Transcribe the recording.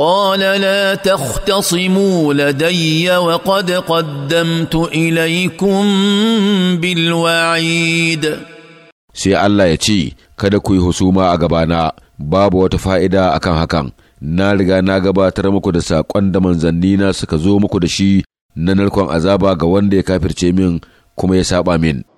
قال لا تختصموا لدي وقد قدمت إليكم بالوعيد sai Allah ya ce, Kada ku yi husuma a gabana, babu wata fa'ida a kan hakan, na riga na gabatar muku da saƙon da manzannina suka zo muku da shi na narkon azaba ga wanda ya kafirce min kuma ya saɓa min.